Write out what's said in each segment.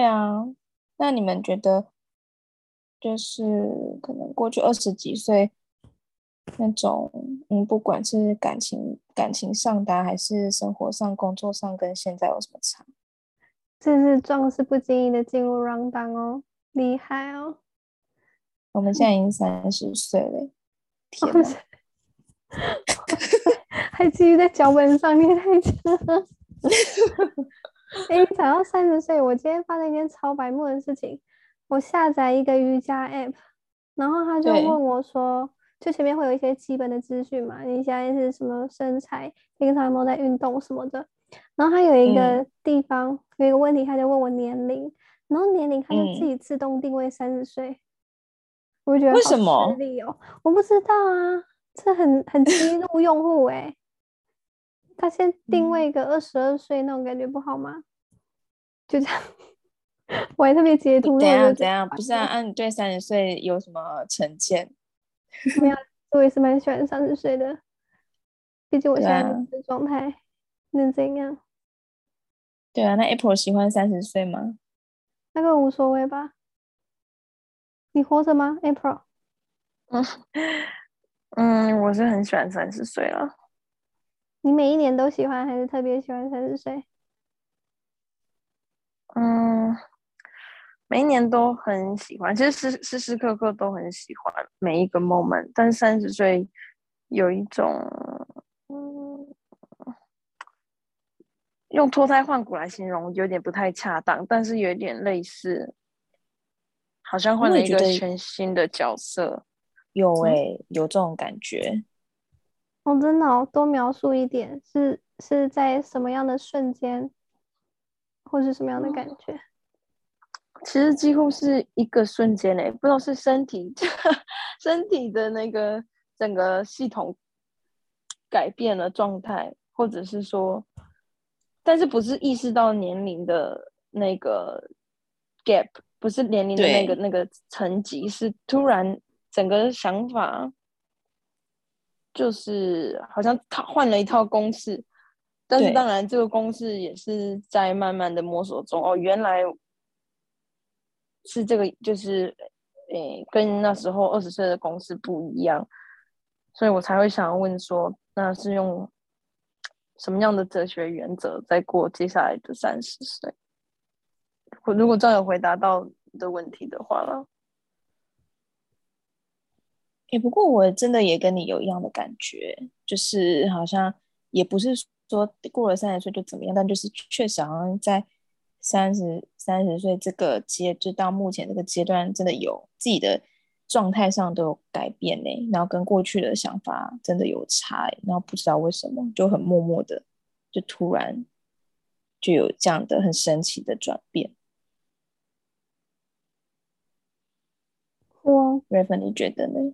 對啊，那你們覺得，就是可能過去二十幾歲那種，嗯，不管是感情、感情上搭，還是生活上、工作上，跟現在有什麼差？這是壯士不經意的進入 round down，哦，厲害哦！我們現在已經三十歲了，天吶， 還繼續在腳本上面太極。 哎、欸，講到三十歲，我今天發生一件超白目的事情。我下載一個瑜伽 App，然後他就問我說：“就前面會有一些基本的資訊嘛，你現在是什麼身材，平常有沒有在運動什麼的。”然後他有一個地方，嗯、有一個問題，他就問我年齡，然後年齡他就自己自動定位三十歲。我覺得、哦、為什麼？哦，我不知道啊，這很很激怒用戶哎、欸。 他先定位一個二十二歲那種感覺不好嗎？嗯、就這樣， 我還特別截圖了。怎樣怎樣？不是啊，那、啊、你對三十歲有什麼成見？沒有，我也是蠻喜歡三十歲的，畢 竟我現在的狀態能怎樣？對啊，那 Apple 喜歡三十歲嗎？那個無所謂吧。你活着嗎，Apple？嗯嗯，我是很喜歡三十歲了。你每一年都喜歡，還是特別喜歡三十歲？嗯，每一年都很喜歡，其實時時時刻刻都很喜歡每一個 moment。但三十歲有一種，嗯，用脫胎換骨來形容有點不太恰當，但是有點類似，好像換了一個全新的角色。有誒、欸，有這種感覺。我、oh, 真的多描述一點，是是在什麼樣的瞬間，或是什麼樣的感覺？其實幾乎是一個瞬間嘞、欸，不知道是身體，呵呵身體的那個整個系統改變了狀態，或者是說，但是不是意識到年齡的那個 gap，不是年齡的那個那個層級，是突然整個想法。就是好像他換了一套公式，但是當然這個公式也是在慢慢的摸索中哦。原來是這個，就是誒、欸，跟那時候二十歲的公式不一樣，所以我才會想要問說，那是用什麼樣的哲學原則在過接下來的三十歲？我如果這樣有回答到的問題的話了。也、欸、不過我真的也跟你有一樣的感覺，就是好像也不是說過了三十歲就怎麼樣，但就是確實好像在三十三十歲這個階，就到目前這個階段，真的有自己的狀態上都有改變呢、欸。然後跟過去的想法真的有差、欸，然後不知道為什麼就很默默的，就突然就有這樣的很神奇的轉變。酷哦，Revan，你覺得呢？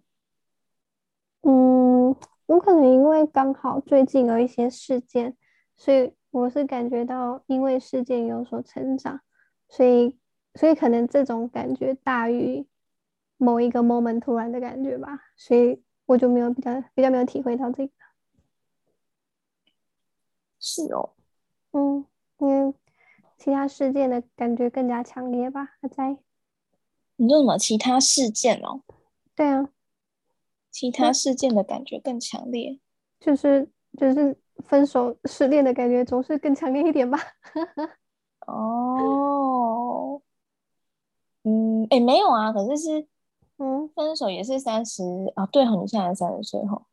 嗯，我可能因為剛好最近有一些事件，所以我是感覺到因為事件有所成長，所以所以可能這種感覺大於某一個 moment 突然的感覺吧，所以我就沒有比較比較沒有體會到這個，是哦，嗯，嗯，因為其他事件的感覺更加強烈吧。阿仔，你用了其他事件哦？對啊。其他事件的感覺更強烈，嗯，就是就是分手失戀的感覺總是更強烈一點吧。 哦，嗯，哎、欸，沒有啊，可是是，嗯，分手也是三十啊，對，很像三十歲吼，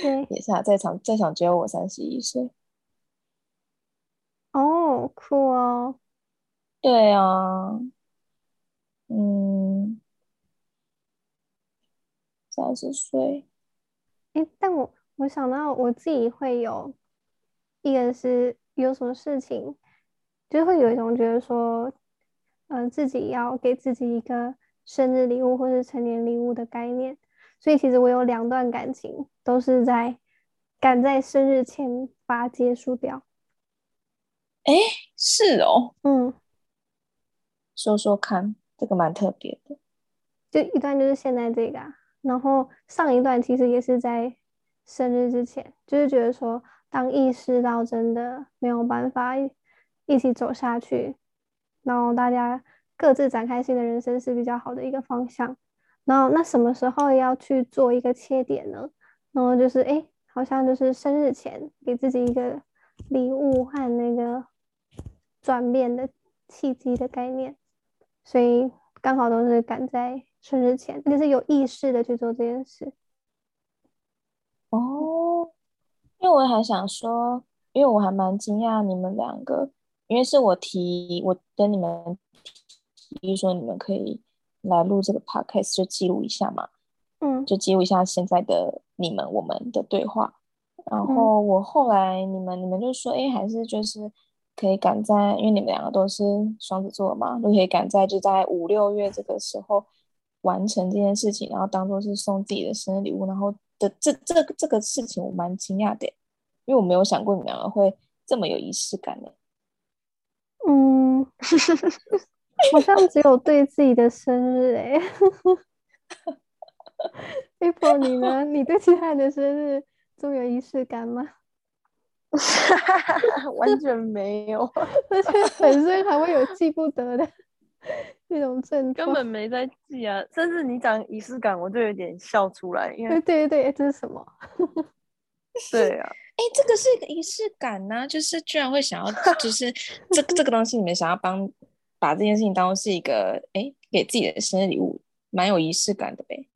對、 嗯嗯，也是啊，在場在場只有我三十一歲。哦，酷哦。對啊，嗯。三十歲，誒、欸，但我我想到我自己會有，一個是有什麼事情，就會有一種覺得說，嗯、呃，自己要給自己一個生日禮物或是成年禮物的概念。所以其實我有兩段感情都是在趕在生日前把結束掉。哎、欸，是哦，嗯，說說看，這個蠻特別的，就一段就是現在這個啊。然後上一段其實也是在生日之前，就是覺得說，當意識到真的沒有辦法一起走下去，然後大家各自展開新的人生是比較好的一個方向。然後那什麼時候要去做一個切點呢？然後就是誒，好像就是生日前給自己一個禮物和那個轉變的契機的概念，所以剛好都是趕在。春節前，你、就是有意識的去做這件事。哦，因為我還想說，因為我還蠻驚訝你們兩個，因為是我提，我跟你們比如、就是、說你們可以來錄這個 podcast，就記錄一下嘛。嗯，就記錄一下現在的你們我們的對話。然後我後來你們你們就說，哎、欸，還是就是可以趕在，因為你們兩個都是雙子座嘛，都可以趕在就在五六月這個時候。完成這件事情，然後當做是送自己的生日禮物，然後的這這個這個事情我蠻驚訝的，因為我沒有想過你們兩個會這麼有儀式感的。嗯， 好像只有對自己的生日哎、欸、，Apple 你呢？ 你對其他人的生日這麼有儀式感嗎？ 完全沒有，而且本身還會有記不得的。 這種症狀根本沒在記啊，甚至你講儀式感，我就有點笑出來。因為、欸、對對、欸、這是什麼？對 啊，哎、欸，這個是一個儀式感呢、啊，就是居然會想要， 就是這這個東西，你們想要幫把這件事情當是一個哎、欸，給自己的生日禮物，蠻有儀式感的唄。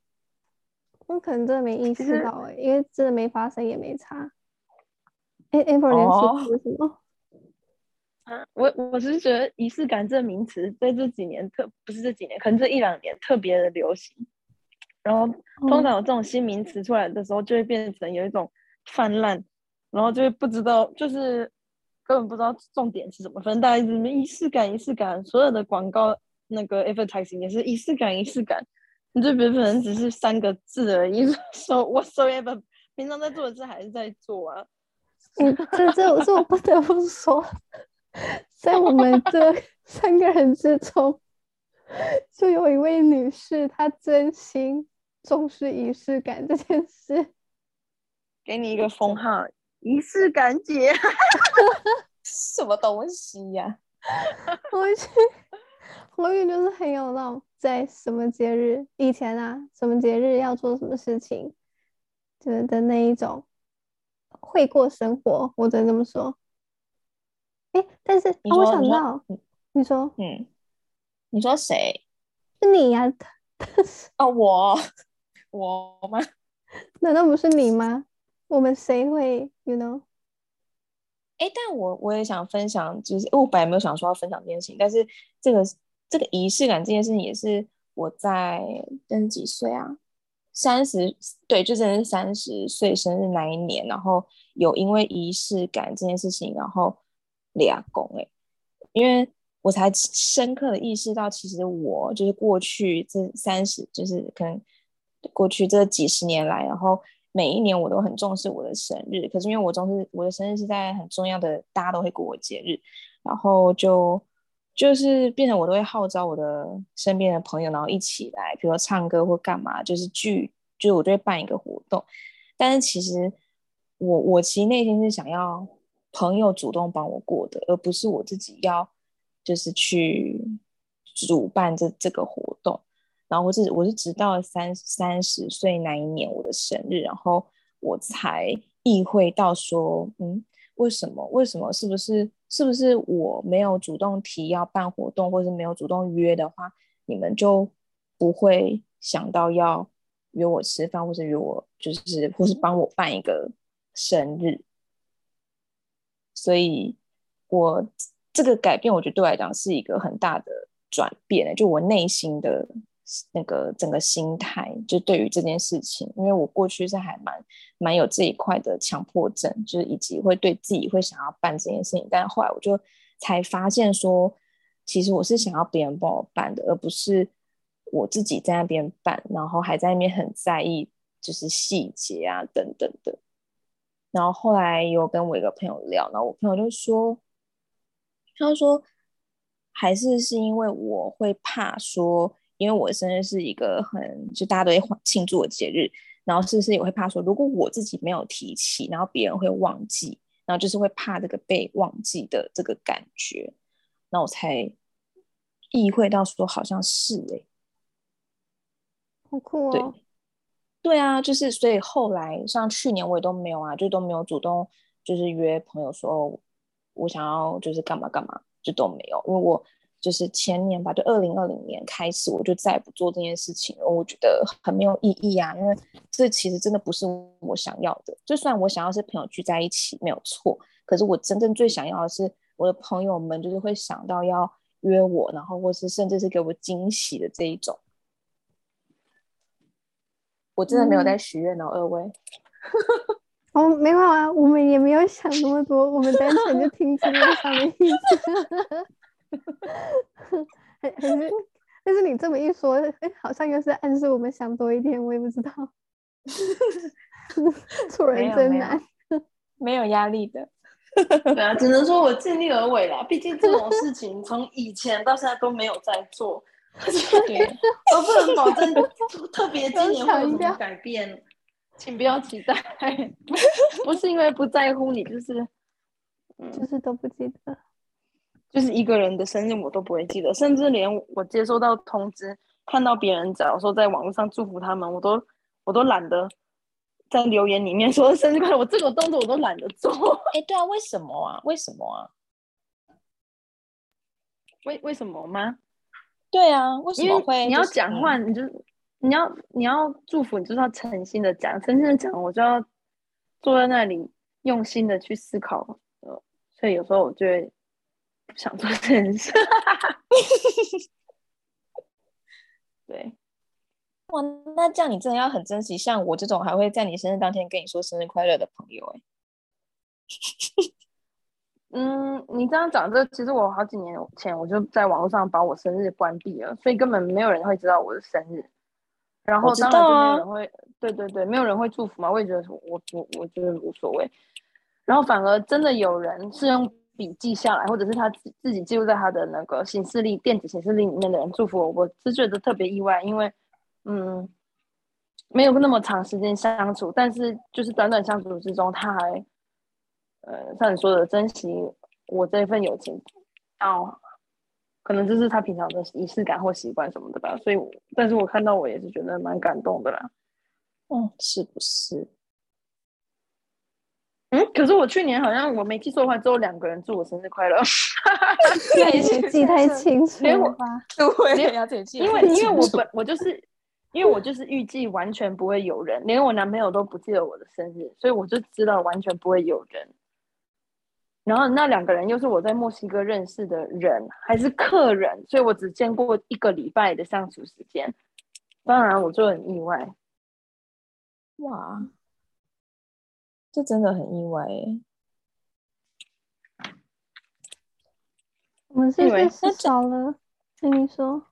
我可能真的沒意識到哎、欸，因為真的沒發生也沒差。哎、欸哦我我是覺得“儀式感”這名詞在這幾年特不是這幾年，可能這一兩年特別的流行。然後通常有這種新名詞出來的時候，就會變成有一種泛濫，然後就會不知道，就是根本不知道重點是什麼。反正大家一直儀式感，儀式感，所有的廣告那個 advertising 也是儀式感，儀式感,感。你這邊可能只是三個字而已 ，so whatsoever、so、s o。平常在做的事還是在做啊。嗯、這這,這，這我不得不說。 在我們這三個人之中，就有一位女士，她真心重視儀式感這件事。給你一個封號， 儀式感姐。 什麼東西呀、啊？ 我去，我感覺就是很有那種在什麼節日以前啊，什麼節日要做什麼事情，就是的那一種，會過生活，我只能這麼說。哎、欸，但是、啊、我想到你，你說，嗯，你說誰？是你呀？啊，哦、我我嗎？難道不是你嗎？ 我們誰會？You know？哎、欸，但我我也想分享，就是我本來沒有想說要分享這件事情，但是這個這個儀式感這件事情也是我在等幾歲啊？三十，對，就真的是三十歲生日那一年，然後有因為儀式感這件事情，然後。倆公哎，因為我才深刻的意識到，其實我就是過去這三十，就是可能過去這幾十年來，然後每一年我都很重視我的生日。可是因為我總是我的生日是在很重要的，大家都會過我節日，然後就就是變成我都會號召我的身邊的朋友，然後一起來，比如說唱歌或幹嘛，就是聚，就是我都會辦一個活動。但是其實我我其實內心是想要。朋友主動幫我過的，而不是我自己要，就是去主辦這這個活動。然後我是我是直到三三十歲那一年我的生日，然後我才意會到說，嗯，為什麼？為什麼？是不是？是不是我沒有主動提要辦活動，或是沒有主動約的話，你們就不會想到要約我吃飯，或者約我，就是，或是幫我辦一個生日？所以我，我這個改變，我覺得對我來講是一個很大的轉變欸，就我內心的那個整個心態，就對於這件事情，因為我過去是還蠻蠻有這一塊的強迫症，就是以及會對自己會想要辦這件事情。但後來我就才發現說，說其實我是想要別人幫我辦的，而不是我自己在那邊辦，然後還在那邊很在意，就是細節啊等等的。然後後來有跟我一個朋友聊，然後我朋友就說，他說還是是因為我會怕說，因為我生日是一個很就大家都會慶祝的節日，然後是是也會怕說，如果我自己沒有提起，然後別人會忘記，然後就是會怕這個被忘記的這個感覺，然後我才意會到說好像是哎、欸，好酷哦。對。對啊，就是所以後來像去年我也都沒有啊，就都沒有主動就是約朋友說我想要就是幹嘛幹嘛，就都沒有。因為我就是前年吧，就二零二零年開始，我就再也不做這件事情了。我覺得很沒有意義啊，因為這其實真的不是我想要的。就算我想要是朋友聚在一起沒有錯，可是我真正最想要的是我的朋友們就是會想到要約我，然後或是甚至是給我驚喜的這一種。我真的沒有在許願哦、嗯，二位。我、哦、沒有啊，我們也沒有想那麼多， 我們單純就聽出你想的意思。 還是，但是你這麼一說，哎、欸，好像又是暗示我們想多一點，我也不知道。做 人真難，沒有壓力的。 對啊，只能說我盡力而為啦，畢竟這種事情從以前到現在都沒有在做。 對 我不能保證 特別今年會有改變， 請不要期待。 不是因為不在乎你，就是就是都不記得， 就是一個人的生日我都不會記得，甚至連我接收到通知，看到別人假如說在網絡上祝福他們，我都我都懶得在留言裡面說生日快樂，我這個動作我都懶得做。哎、 欸，對啊，為什麼啊？為什麼啊？為為什麼嗎？對啊，為什麼會、就是、你要講話，你就你要你要祝福，你就是要誠心的講，誠心的講，我就要坐在那裡用心的去思考。所以有時候我就會不想做這件事。 對，哇，那這樣你真的要很珍惜，像我這種還會在你生日當天跟你說生日快樂的朋友、欸， 嗯，你這樣講這其實我好幾年前我就在網絡上把我生日關閉了，所以根本沒有人會知道我的生日。然後當然就沒有人會、啊，對對對，沒有人會祝福嘛，我也覺得我我我覺得無所謂。然後反而真的有人是用筆記下來，或者是他自自己記錄在他的那個行事曆、電子行事曆裡面的人祝福我，我是覺得特別意外，因為嗯，沒有那麼長時間相處，但是就是短短相處之中他還。呃、嗯，像你說的，珍惜我這一份友情，哦，可能這是他平常的儀式感或習慣什麼的吧。所以，但是我看到我也是覺得蠻感動的啦。嗯，是不是？嗯，可是我去年好像我沒記錯的話，只有兩個人祝我生日快樂。 你記太清楚。因為我不會，因為我因為因為我本我就是因為我就，是預計完全不會有人， 連我男朋友都不記得我的生日，所以我就知道完全不會有人。然後那兩個人又是我在墨西哥認識的人，還是客人，所以我只見過一個禮拜的相處時間。當然，我就很意外。哇，這真的很意外。我們是不睡着了？跟你說，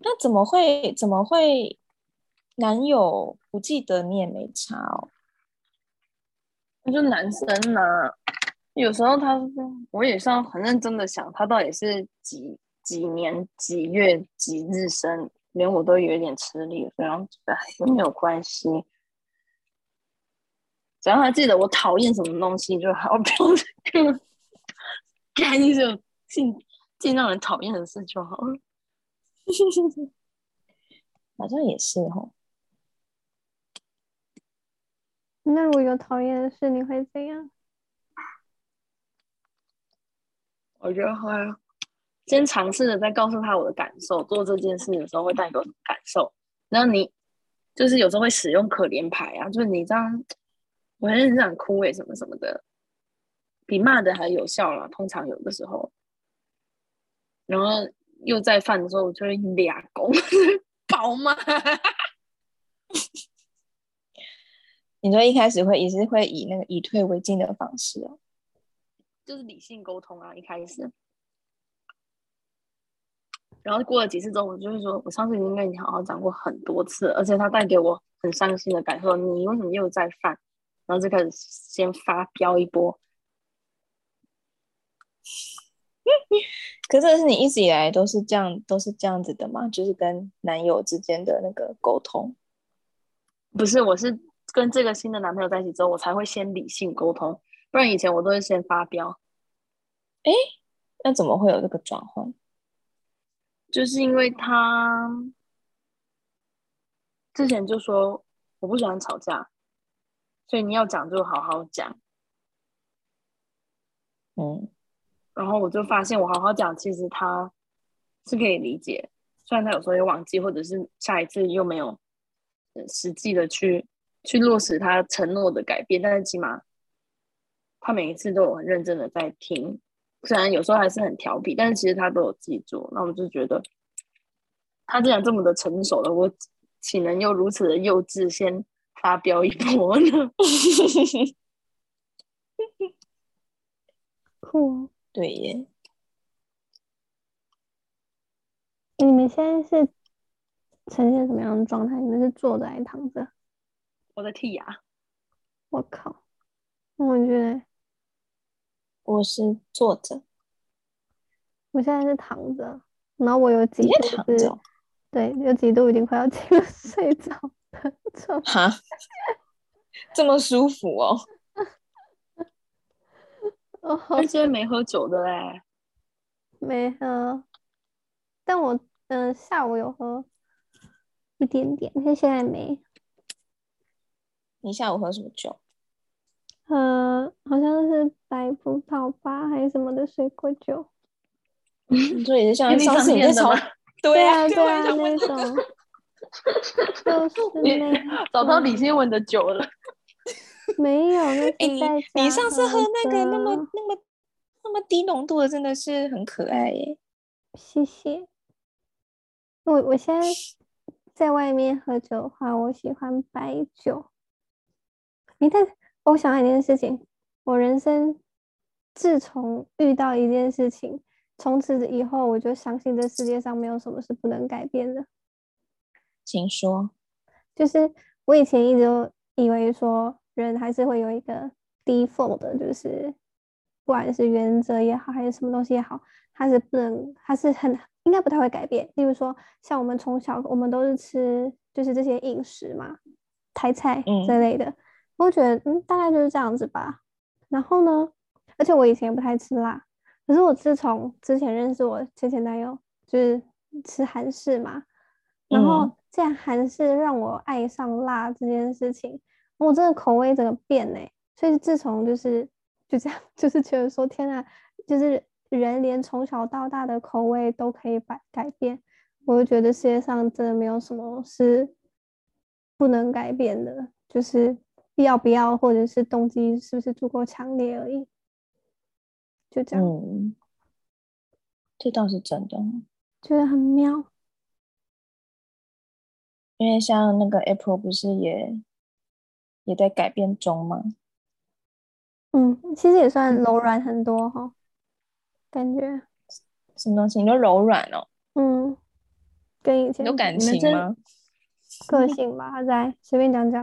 那怎麼會？怎麼會？男友不記得，你也沒差哦？那就男生呢？有時候他，我也算很認真的想，他到底是幾幾年幾月幾日生，連我都有一點吃力。然後哎，都沒有關係，只要還記得我討厭什麼東西就好，幹一些盡盡讓人討厭的事就好了。好像也是哈。那我有討厭的事，你會怎樣？我覺得好啊，先嘗試着再告訴他我的感受，做這件事的時候會帶給我什麼感受。然後你就是有時候會使用可憐牌啊，就是你這樣，我真的很想哭哎，什麼什麼的，比罵的還有效了。通常有的時候，然後又在犯的時候，我就會兩公暴罵。你說一開始會一直會以那個以退為進的方式、哦就是理性溝通啊，一開始，然後過了幾次之後，我就會說，我上次已經跟你好好講過很多次，而且他帶給我很傷心的感受，你為什麼又在犯？然後就開始先發飆一波。可是，是你一直以來都是這樣，都是這樣子的嘛？就是跟男友之間的那個溝通，不是，我是跟這個新的男朋友在一起之後，我才會先理性溝通。不然以前我都會先發飆。哎，那怎麼會有這個轉換？就是因為他之前就說我不喜歡吵架，所以你要講就好好講。嗯，然後我就發現我好好講，其實他是可以理解。雖然他有時候也忘記，或者是下一次又沒有實際的去去落實他承諾的改變，但是起碼。他每一次都有很認真的在聽，雖然有時候還是很調皮，但是其實他都有記住。那我就覺得他既然這麼的成熟了，我豈能又如此的幼稚，先發飆一波呢？酷哦，對耶！你們現在是呈現什麼樣的狀態？你們是坐着還是躺着？我在剔牙。我靠！我覺得。我是坐着我現在是躺着，然後我有幾度，對，有幾度已經快要進入睡着 這麼舒服哦！我今天沒喝酒的嘞，沒喝，但我嗯、呃、下午有喝一點點，但現在沒。你下午喝什麼酒？呃、嗯，好像是白葡萄吧，還是什麼的水果酒？所、嗯、以像是上次你在對啊對啊那種，找到李興文的酒了。沒有，那、欸、你在你上次喝那個那麼那麼那麼低濃度的，真的是很可愛耶！謝謝。我我現在在外面喝酒的話，我喜歡白酒。你、欸、看。我想起一件事情，我人生自從遇到一件事情，從此以後我就相信這世界上沒有什麼是不能改變的。請說。就是我以前一直都以為說人還是會有一個 default，就是不管是原則也好，還是什麼東西也好，它是不能，它是很，應該不太會改變。例如說，像我們從小我們都是吃就是這些飲食嘛，台菜之類的。嗯我覺得嗯，大概就是這樣子吧。然後呢，而且我以前也不太吃辣，可是我自從之前認識我前前男友，就是吃韓式嘛，然後這韓式讓我愛上辣這件事情，嗯、我真的口味整個變呢、欸。所以自從就是就這樣，就是覺得說天啊，就是人連從小到大的口味都可以改改變，我就覺得世界上真的沒有什麼是不能改變的，就是。要不要，或者是動機是不是足夠強烈而已？就這樣、嗯，這倒是真的，覺得很妙。因為像那個 April 不是也也在改變中嗎？嗯，其實也算柔軟很多哈、哦嗯，感覺什麼東西你都柔軟哦。嗯，跟以前有感情嗎？個性吧，阿仔隨便講講。